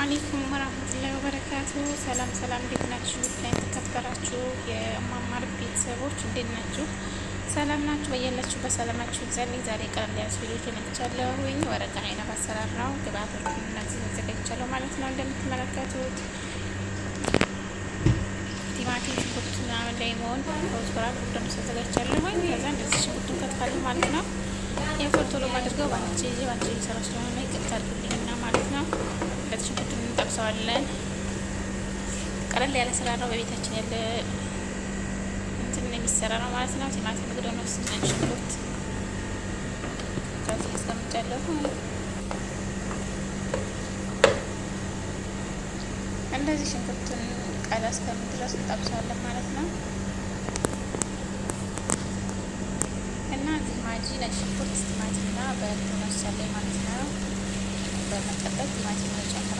አለይኩም ወራህመቱላሂ ወበረካቱ። ሰላም ሰላም፣ እንዴት ናችሁ? ላይ የተከበራችሁ የማማር ቤተሰቦች እንዴት ናችሁ? ሰላም ናችሁ? በያላችሁ በሰላማችሁ ዘንድ ዛሬ ቀለል ያሉ ቪዲዮዎችን እመጥቻለሁ። ወይም ወረቀ አይነት አሰራር ነው። ግብአቶቹን እነዚህ ማለት ነው። እንደምትመለከቱት ቲማቲም፣ ሽንኩርት ምናምን ላይ መሆን ሮዝራ ቁርጥም አዘጋጅቻለሁ። ወይም ከዛ እንደዚህ ሽንኩርቱን ከትፋለሁ ማለት ነው። የፎርቶሎ አድርገው ባንቺ ባንቺ ሰራሽ ስለሆነ ይቅርታ አድርጉልኝ። እንጠብሰዋለን። ቀለል ያለ ስራ ነው፣ በቤታችን ያለ እንትን የሚሰራ ነው ማለት ነው። ቲማቲም ግዶ ነው ስጭን ሽንኩርት ከዚህ አስቀምጫለሁ። እንደዚህ ሽንኩርቱን ቃል እስከምድረስ እንጠብሰዋለን ማለት ነው። እና እዚህ ማጂ ነጭ ሽንኩርት ቲማቲምና በእንትን ወሳለኝ ማለት ነው። በመቀጠል ቲማቲም ነው ጨምረ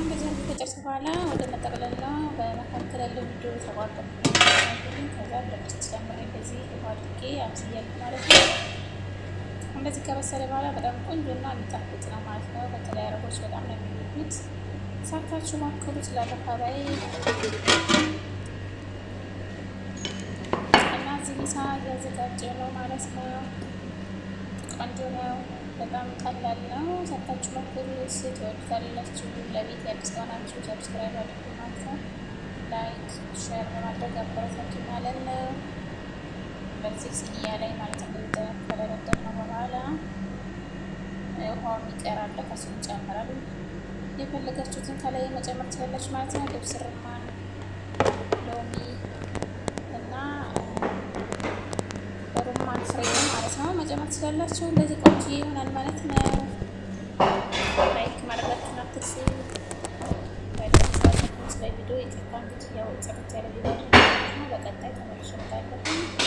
እና ከጨርስ በኋላ ወደ መጠቅለላ በመካከል ያለው ቪዲዮ ተቋርጠ ከዛ ብረድስ ጨምሬ እንደዚህ አድርጌ አብስያል ማለት ነው። እንደዚህ ከበሰለ በኋላ በጣም ቆንጆና የሚጣፍጥ ነው ማለት ነው። በተለይ አረቦች በጣም ነው የሚወዱት። ሰርታችሁ ሞክሩት ላለካባይ እና እዚህ ምሳ እያዘጋጀ ነው ማለት ነው። ቆንጆ ነው። በጣም ቀላል ነው። ሰርታችሁ መኩሩስ ትወዱታላችሁ። ለቤት የአዲስ ከሆናችሁ ሰብስክራይብ አድርጉ ማለት ላይክ ሼር በማድረግ አበረታችሁ ማለት ነው። በዚህ ሲኒያ ላይ ማለት ነው። ተደረደር ነው በኋላ ውሃ የሚቀራለ ከሱ ይጨምራል። የፈለጋችሁትን ከላይ መጨመር ትችላላችሁ ማለት ነው። ልብስ ርማን፣ ሎሚ መጨመር ትችላላችሁ። እንደዚህ ቆንጆ ይሆናል ማለት ነው። ላይክ ማድረጋችሁን አትርሱ። ቪዲዮ የጠፋ እንግዲህ ያው ጸሎት ያለ ቪዲዮ በቀጣይ ተመልሼ እመጣለሁ።